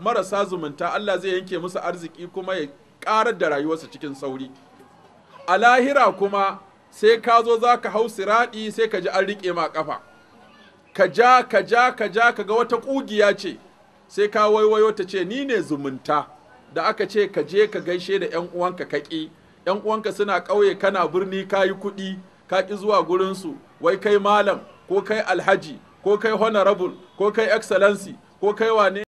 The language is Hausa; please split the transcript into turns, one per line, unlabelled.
marasa zumunta Allah zai yanke musu arziki kuma ya ƙarar da rayuwarsa cikin sauri a lahira kuma sai ka zo za ka hau siraɗi sai ka ji an riƙe ma ƙafa ka ja ka ja ka ja ka ga wata ƙugiya ce sai ka waiwayo ta ce ni ne zumunta da aka ce ka je ka gaishe da 'yan uwanka kaƙi, 'yan uwanka suna ƙauye kana birni ka yi kuɗi ka ƙi zuwa gurinsu wai kai malam ko kai alhaji ko kai honorable ko kai excellency ko kai wane